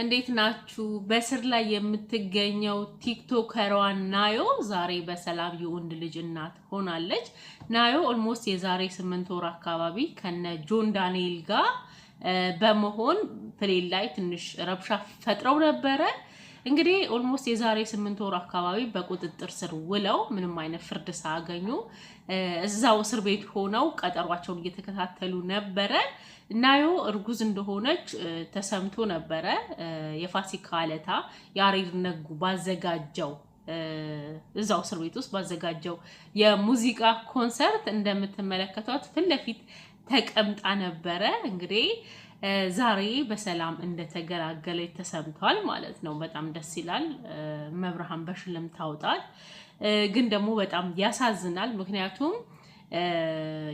እንዴት ናችሁ? በስር ላይ የምትገኘው ቲክቶከሯ ናዮ ዛሬ በሰላም የወንድ ልጅ እናት ሆናለች። ናዮ ኦልሞስት የዛሬ ስምንት ወር አካባቢ ከነ ጆን ዳንኤል ጋር በመሆን ፕሌን ላይ ትንሽ ረብሻ ፈጥረው ነበረ። እንግዲህ ኦልሞስት የዛሬ ስምንት ወር አካባቢ በቁጥጥር ስር ውለው ምንም አይነት ፍርድ ሳያገኙ እዛው እስር ቤት ሆነው ቀጠሯቸውን እየተከታተሉ ነበረ። ናዮ እርጉዝ እንደሆነች ተሰምቶ ነበረ። የፋሲካ ዕለት ያሬድ ነጉ ባዘጋጀው እዛው እስር ቤት ውስጥ ባዘጋጀው የሙዚቃ ኮንሰርት እንደምትመለከቷት ፊት ለፊት ተቀምጣ ነበረ እንግዲህ ዛሬ በሰላም እንደተገላገለች ተሰምቷል ማለት ነው። በጣም ደስ ይላል። መብርሃን በሽልም ታውጣል። ግን ደግሞ በጣም ያሳዝናል። ምክንያቱም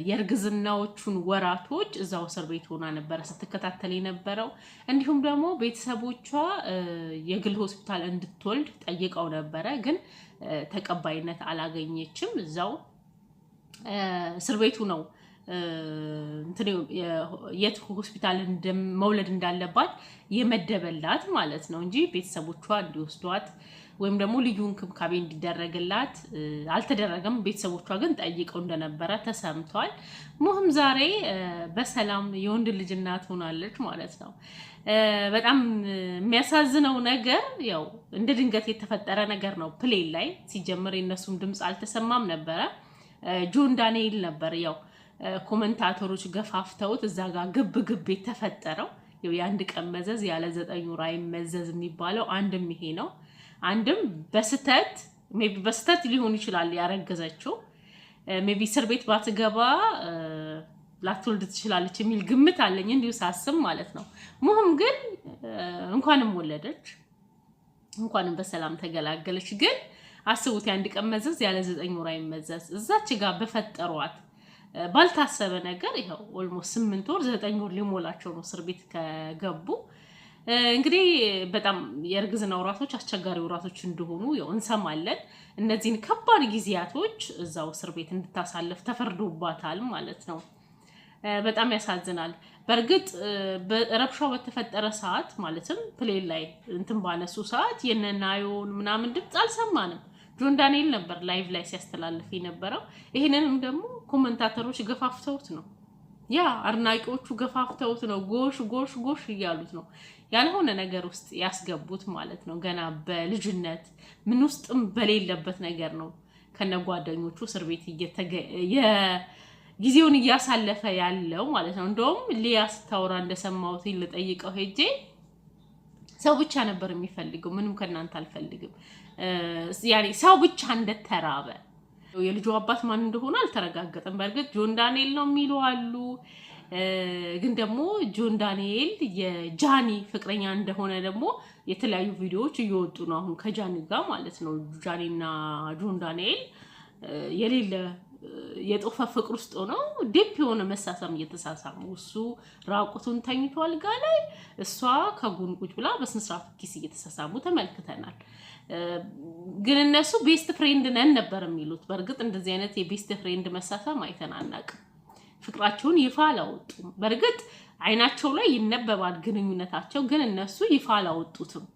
የእርግዝናዎቹን ወራቶች እዛው እስር ቤት ሆና ነበረ ስትከታተል የነበረው። እንዲሁም ደግሞ ቤተሰቦቿ የግል ሆስፒታል እንድትወልድ ጠይቀው ነበረ፣ ግን ተቀባይነት አላገኘችም። እዛው እስር ቤቱ ነው የት ሆስፒታል መውለድ እንዳለባት የመደበላት ማለት ነው እንጂ ቤተሰቦቿ እንዲወስዷት ወይም ደግሞ ልዩ እንክብካቤ እንዲደረግላት አልተደረገም። ቤተሰቦቿ ግን ጠይቀው እንደነበረ ተሰምቷል። ሙህም ዛሬ በሰላም የወንድ ልጅ እናት ሆናለች ማለት ነው። በጣም የሚያሳዝነው ነገር ያው እንደ ድንገት የተፈጠረ ነገር ነው። ፕሌን ላይ ሲጀምር የእነሱም ድምፅ አልተሰማም ነበረ። ጆን ዳንኤል ነበር ያው ኮመንታተሮች ገፋፍተውት እዛ ጋር ግብ ግብ የተፈጠረው የአንድ ቀን መዘዝ ያለ ዘጠኝ ወር አይመዘዝ የሚባለው አንድም ይሄ ነው። አንድም በስተት ሜይ ቢ በስተት ሊሆን ይችላል ያረገዘችው ሜይ ቢ እስር ቤት ባትገባ ላትወልድ ትችላለች የሚል ግምት አለኝ እንዲሁ ሳስብ ማለት ነው። ሙሁም ግን እንኳንም ወለደች እንኳንም በሰላም ተገላገለች። ግን አስቡት የአንድ ቀን መዘዝ ያለ ዘጠኝ ወር አይመዘዝ እዛች ጋር በፈጠሯት ባልታሰበ ነገር ይኸው ኦልሞስት ስምንት ወር ዘጠኝ ወር ሊሞላቸው ነው እስር ቤት ከገቡ። እንግዲህ በጣም የእርግዝና ውራቶች አስቸጋሪ ውራቶች እንደሆኑ ያው እንሰማለን። እነዚህን ከባድ ጊዜያቶች እዛው እስር ቤት እንድታሳልፍ ተፈርዶባታል ማለት ነው። በጣም ያሳዝናል። በእርግጥ ረብሻው በተፈጠረ ሰዓት ማለትም ፕሌን ላይ እንትን ባነሱ ሰዓት የነናየውን ምናምን ድምፅ አልሰማንም። ጆን ዳንኤል ነበር ላይቭ ላይ ሲያስተላልፍ የነበረው። ይህንንም ደግሞ ኮመንታተሮች ገፋፍተውት ነው፣ ያ አድናቂዎቹ ገፋፍተውት ነው። ጎሽ ጎሽ ጎሽ እያሉት ነው ያልሆነ ነገር ውስጥ ያስገቡት ማለት ነው። ገና በልጅነት ምን ውስጥም በሌለበት ነገር ነው ከነጓደኞቹ እስር ቤት ጊዜውን እያሳለፈ ያለው ማለት ነው። እንደውም ሊያ ስታወራ እንደሰማሁት ልጠይቀው ሄጄ ሰው ብቻ ነበር የሚፈልገው፣ ምንም ከእናንተ አልፈልግም ያኔ ሰው ብቻ እንደተራበ የልጁ አባት ማን እንደሆነ አልተረጋገጠም። በእርግጥ ጆን ዳንኤል ነው የሚሉ አሉ። ግን ደግሞ ጆን ዳንኤል የጃኒ ፍቅረኛ እንደሆነ ደግሞ የተለያዩ ቪዲዮዎች እየወጡ ነው አሁን ከጃኒ ጋር ማለት ነው። ጃኒና ጆን ዳንኤል የሌለ የጦፈ ፍቅር ውስጥ ሆነው ዴፕ የሆነ መሳሳም እየተሳሳሙ እሱ ራቁቱን ተኝቶ አልጋ ላይ እሷ ከጎን ቁጭ ብላ በስነ ኪስ እየተሳሳሙ ተመልክተናል። ግን እነሱ ቤስት ፍሬንድ ነን ነበር የሚሉት። በእርግጥ እንደዚህ አይነት የቤስት ፍሬንድ መሳሳም አይተን ፍቅራቸውን ይፋ አላወጡም። በእርግጥ አይናቸው ላይ ይነበባል ግንኙነታቸው፣ ግን እነሱ ይፋ አላወጡትም።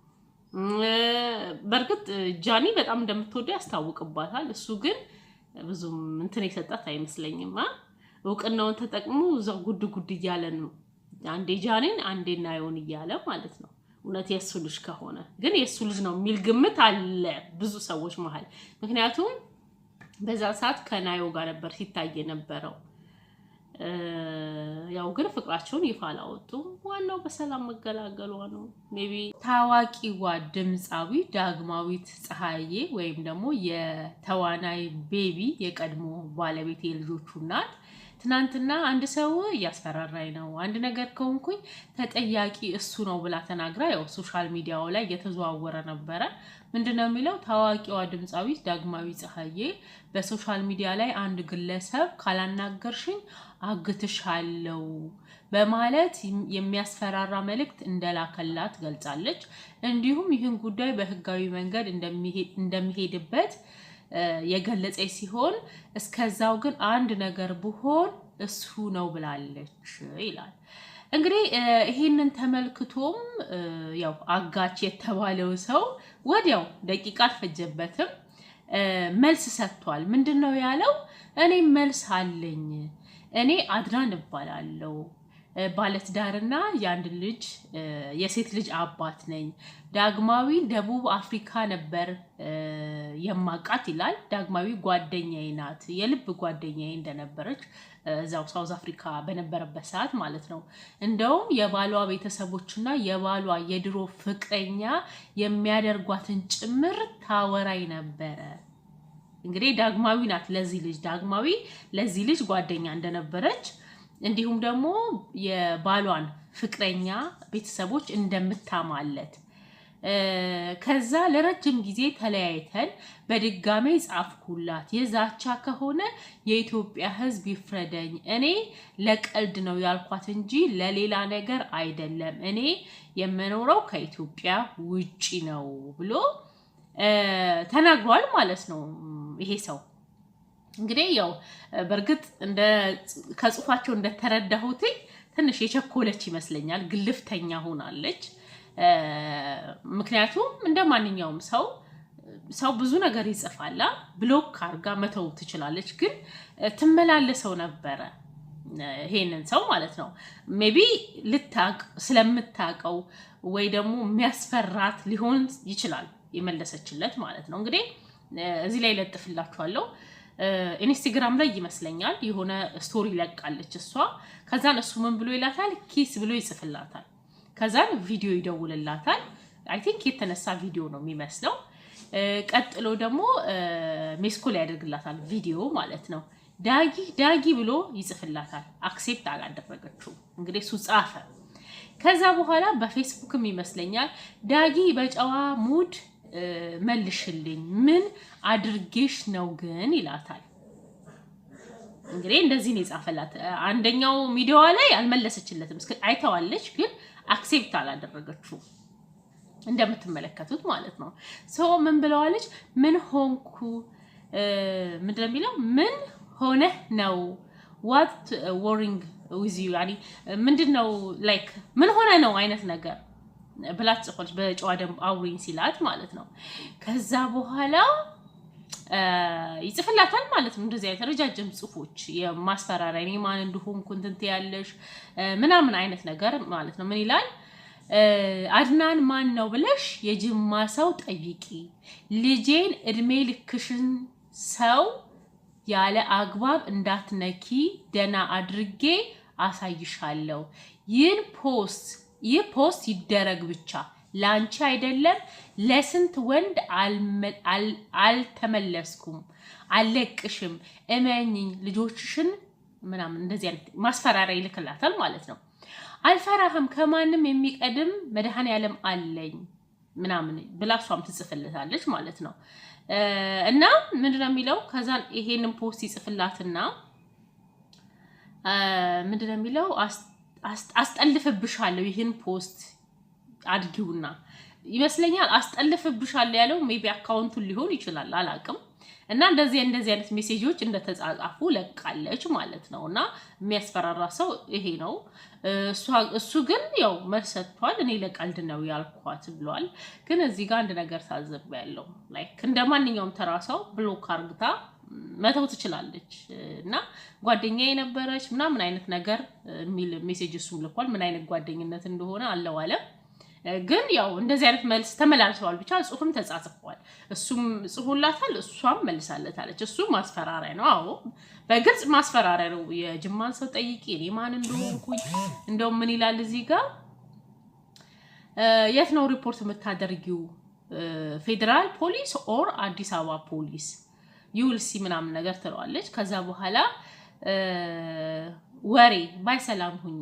በእርግጥ ጃኒ በጣም እንደምትወደው ያስታውቅባታል። እሱ ግን ብዙም እንትን የሰጣት አይመስለኝም። እውቅናውን ተጠቅሞ እዛው ጉድ ጉድ እያለ ነው። አንዴ ጃኔን አንዴ ናየውን እያለ ማለት ነው። እውነት የእሱ ልጅ ከሆነ ግን የእሱ ልጅ ነው የሚል ግምት አለ ብዙ ሰዎች መሀል። ምክንያቱም በዛ ሰዓት ከናዮ ጋር ነበር ሲታይ የነበረው ያው ግን ፍቅራቸውን ይፋ አላወጡም። ዋናው በሰላም መገላገሏ ነው። ሜቢ ታዋቂዋ ድምፃዊ ዳግማዊት ፀሐዬ ወይም ደግሞ የተዋናይ ቤቢ የቀድሞ ባለቤት የልጆቹ እናት ትናንትና አንድ ሰው እያስፈራራኝ ነው፣ አንድ ነገር ከሆንኩኝ ተጠያቂ እሱ ነው ብላ ተናግራ ያው ሶሻል ሚዲያው ላይ እየተዘዋወረ ነበረ። ምንድን ነው የሚለው? ታዋቂዋ ድምፃዊት ዳግማዊ ፀሐዬ በሶሻል ሚዲያ ላይ አንድ ግለሰብ ካላናገርሽኝ አግትሻለው በማለት የሚያስፈራራ መልእክት እንደላከላት ገልጻለች። እንዲሁም ይህን ጉዳይ በህጋዊ መንገድ እንደሚሄድበት የገለጸ ሲሆን እስከዛው ግን አንድ ነገር ብሆን እሱ ነው ብላለች ይላል። እንግዲህ ይህንን ተመልክቶም ያው አጋች የተባለው ሰው ወዲያው ደቂቃ አልፈጀበትም መልስ ሰጥቷል። ምንድን ነው ያለው? እኔ መልስ አለኝ። እኔ አድናን እባላለሁ ባለትዳርና የአንድ ልጅ የሴት ልጅ አባት ነኝ። ዳግማዊ ደቡብ አፍሪካ ነበር የማቃት ይላል። ዳግማዊ ጓደኛዬ ናት፣ የልብ ጓደኛዬ እንደነበረች እዛው ሳውዝ አፍሪካ በነበረበት ሰዓት ማለት ነው። እንደውም የባሏ ቤተሰቦችና የባሏ የድሮ ፍቅረኛ የሚያደርጓትን ጭምር ታወራይ ነበረ። እንግዲህ ዳግማዊ ናት ለዚህ ልጅ ዳግማዊ ለዚህ ልጅ ጓደኛ እንደነበረች እንዲሁም ደግሞ የባሏን ፍቅረኛ ቤተሰቦች እንደምታማለት ከዛ ለረጅም ጊዜ ተለያይተን በድጋሜ ጻፍኩላት። የዛቻ ከሆነ የኢትዮጵያ ሕዝብ ይፍረደኝ። እኔ ለቀልድ ነው ያልኳት እንጂ ለሌላ ነገር አይደለም። እኔ የምኖረው ከኢትዮጵያ ውጪ ነው ብሎ ተናግሯል ማለት ነው ይሄ ሰው። እንግዲህ ያው በእርግጥ ከጽሁፋቸው እንደተረዳሁት ትንሽ የቸኮለች ይመስለኛል። ግልፍተኛ ሆናለች። ምክንያቱም እንደ ማንኛውም ሰው ሰው ብዙ ነገር ይጽፋላ ብሎክ አርጋ መተው ትችላለች፣ ግን ትመላለሰው ነበረ ይሄንን ሰው ማለት ነው። ሜቢ ልታቅ ስለምታቀው ወይ ደግሞ የሚያስፈራት ሊሆን ይችላል የመለሰችለት ማለት ነው። እንግዲህ እዚህ ላይ ለጥፍላችኋለሁ። ኢንስታግራም ላይ ይመስለኛል የሆነ ስቶሪ ለቃለች እሷ። ከዛን እሱ ምን ብሎ ይላታል? ኪስ ብሎ ይጽፍላታል። ከዛን ቪዲዮ ይደውልላታል። አይ ቲንክ የተነሳ ቪዲዮ ነው የሚመስለው። ቀጥሎ ደግሞ ሜስኮል ያደርግላታል ቪዲዮ ማለት ነው። ዳጊ ዳጊ ብሎ ይጽፍላታል። አክሴፕት አላደረገችው። እንግዲህ እሱ ጻፈ። ከዛ በኋላ በፌስቡክም ይመስለኛል ዳጊ በጨዋ ሙድ መልሽልኝ፣ ምን አድርጌሽ ነው ግን ይላታል። እንግዲህ እንደዚህ ነው የጻፈላት። አንደኛው ሚዲያዋ ላይ አልመለሰችለትም፣ አይተዋለች ግን አክሴፕት አላደረገችው እንደምትመለከቱት ማለት ነው። ሰው ምን ብለዋለች? ምን ሆንኩ ምንድን ነው የሚለው ምን ሆነህ ነው ዋት ወሪንግ ዊዝ ዩ ምንድን ነው ላይክ ምን ሆነ ነው አይነት ነገር ብላት ጽፎች በጨዋ ደንብ አውሪኝ ሲላት ማለት ነው ከዛ በኋላ ይጽፍላታል ማለት ነው። እንደዚህ አይነት ረጃጅም ጽሁፎች የማስፈራሪያ እኔ ማን እንደሆንኩ እንትን ትያለሽ ምናምን አይነት ነገር ማለት ነው። ምን ይላል አድናን ማን ነው ብለሽ የጅማ ሰው ጠይቂ፣ ልጄን እድሜ ልክሽን ሰው ያለ አግባብ እንዳትነኪ፣ ደና አድርጌ አሳይሻለሁ። ይህን ፖስት ይህ ፖስት ይደረግ ብቻ ለአንቺ አይደለም ለስንት ወንድ አልተመለስኩም፣ አልለቅሽም፣ እመኝኝ ልጆችሽን ምናምን እንደዚህ አይነት ማስፈራሪያ ይልክላታል ማለት ነው። አልፈራህም ከማንም የሚቀድም መድኃኔ ዓለም አለኝ ምናምን ብላ እሷም ትጽፍልታለች ማለት ነው። እና ምንድነው የሚለው ከዛን ይሄንን ፖስት ይጽፍላትና ምንድነው የሚለው አስጠልፍብሻለሁ ይህን ፖስት አድጊውና ይመስለኛል አስጠልፍብሻለሁ ያለው ሜቢ አካውንቱን ሊሆን ይችላል አላቅም። እና እንደዚህ እንደዚህ አይነት ሜሴጆች እንደተጻጻፉ ለቃለች ማለት ነው። እና የሚያስፈራራ ሰው ይሄ ነው። እሱ ግን ያው መሰጥቷል። እኔ ለቀልድ ነው ያልኳት ብሏል። ግን እዚህ ጋር አንድ ነገር ታዘብ ያለው ላይክ እንደ ማንኛውም ተራ ሰው ብሎክ አርግታ መተው ትችላለች እና ጓደኛ የነበረች ምናምን አይነት ነገር የሚል ሜሴጅ እሱም ልኳል። ምን አይነት ጓደኝነት እንደሆነ አለም ግን ያው እንደዚህ አይነት መልስ ተመላልሰዋል። ብቻ ጽሁፍም ተጻጽፏል። እሱም ጽፎላታል፣ እሷም መልሳለታለች። እሱ ማስፈራሪያ ነው። አዎ በግልጽ ማስፈራሪያ ነው። የጅማን ሰው ጠይቄ እኔ ማን እንደሆንኩኝ እንደውም ምን ይላል እዚህ ጋር የት ነው ሪፖርት የምታደርጊው? ፌዴራል ፖሊስ ኦር አዲስ አበባ ፖሊስ ዩልሲ ምናምን ነገር ትለዋለች። ከዛ በኋላ ወሬ ባይሰላም ሁኝ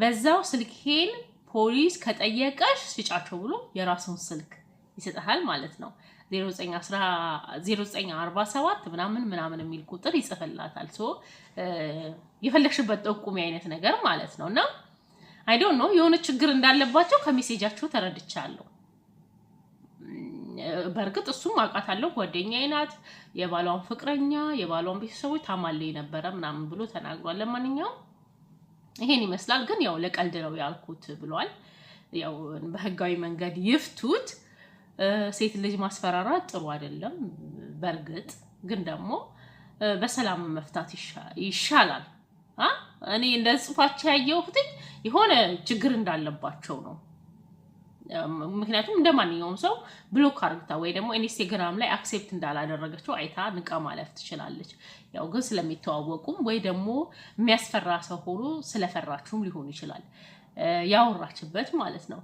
በዛው ስልክሄን ፖሊስ ከጠየቀሽ ስጫቸው ብሎ የራሱን ስልክ ይሰጥሃል ማለት ነው። 0947 ምናምን ምናምን የሚል ቁጥር ይጽፍላታል። ሶ የፈለግሽበት ጠቁሚ አይነት ነገር ማለት ነው። እና አይ ዶንት ኖ የሆነ ችግር እንዳለባቸው ከሜሴጃቸው ተረድቻለሁ። በእርግጥ እሱም አውቃታለሁ፣ ጓደኛዬ ናት። የባሏን ፍቅረኛ የባሏን ቤተሰቦች ታማለ ነበረ ምናምን ብሎ ተናግሯል። ለማንኛውም ይሄን ይመስላል። ግን ያው ለቀልድ ነው ያልኩት ብሏል። ያው በህጋዊ መንገድ ይፍቱት። ሴት ልጅ ማስፈራራት ጥሩ አይደለም። በእርግጥ ግን ደግሞ በሰላም መፍታት ይሻላል። እኔ እንደ ጽሁፋቸው ያየሁትኝ የሆነ ችግር እንዳለባቸው ነው። ምክንያቱም እንደ ማንኛውም ሰው ብሎክ አርግታ ወይ ደግሞ ኢንስቴግራም ላይ አክሴፕት እንዳላደረገችው አይታ ንቃ ማለፍ ትችላለች። ያው ግን ስለሚተዋወቁም ወይ ደግሞ የሚያስፈራ ሰው ሆኖ ስለፈራችሁም ሊሆን ይችላል ያወራችበት ማለት ነው።